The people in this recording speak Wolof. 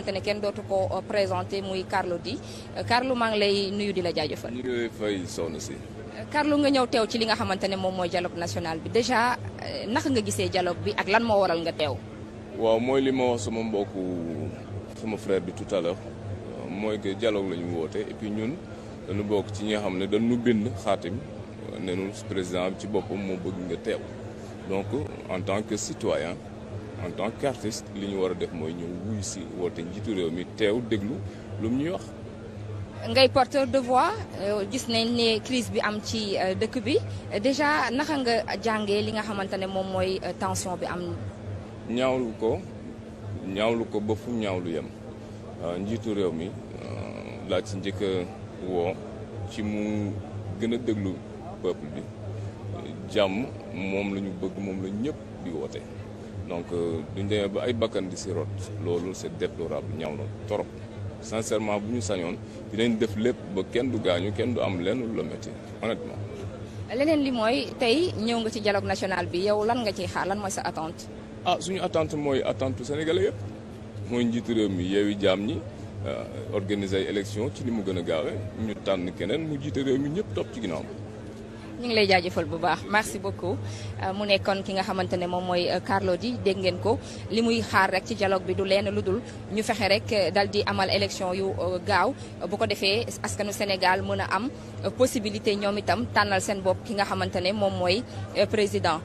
xamante ne kenn dootu ko euh, présenté muy Carlou D euh, Carlou maa ngi lay nuyu di la jaajëfal. ñu ngi fay soxna si. Euh, Carlou nga ñëw teew ci li nga xamante ne moom mooy dialogue national bi déjà naka nga gisee dialogue bi ak lan moo waral nga teew. waaw mooy li ma wax sama mbokku sama frère bi tout à l'heure mooy que dialogue lañu woote et puis ñun dañu bokk ci ñi xam ne dañu bind xaatim ne nu président bi ci boppam moo bëgg nga teew donc en tant que citoyen en tant qu'artiste li ñu war a def mooy ñëw wuyu si woote njiitu réew mi teew déglu lu mu ñuy wax. ngay porteur de voix euh, gis nañ ne crise bi am ci euh, dëkk bi déjà naxa nga jàngee li nga xamante ne moom mooy euh, tension bi am. ñaawlu ko ñaawlu ko ba fu ñaawlu yem njiitu réew mi laa ci njëkk a woo ci mu gën a déglu peuple bi jàmm moom la ñu bëgg moom la ñëpp di woote. donc euh, duñ demee ba ay bakkan di si rot loolu c'est déplorable ñaaw na torop sincèrement bu ñu sañoon dinañ def lépp ba kenn du gaañu kenn du am lenn lu la métti honnêtement. leneen li mooy tey ñëw nga ci dialogue national bi yow lan nga ciy xaar lan mooy sa attente. ah suñu attente mooy attente sénégalais yëpp mooy njiitu réew mi yeewi jaam ñi euh, organiser ay élection ci ni mu gën a gaawe ñu tànn keneen mu jiite réew mi ñëpp topp ci ginnaaw. ñu ngi lay jaajëfal bu baax merci beaucoup euh, mu nekkoon ki nga xamante ne moom mooy euh, Carlo Di dégg ngeen ko li muy xaar rek ci dialogue bi du leen lu dul ñu fexe rek euh, dal di amal élection yu gaaw bu ko defee askanu Sénégal mën a am possibilité ñoom itam tànnal seen bopp ki nga xamante ne moom mooy président.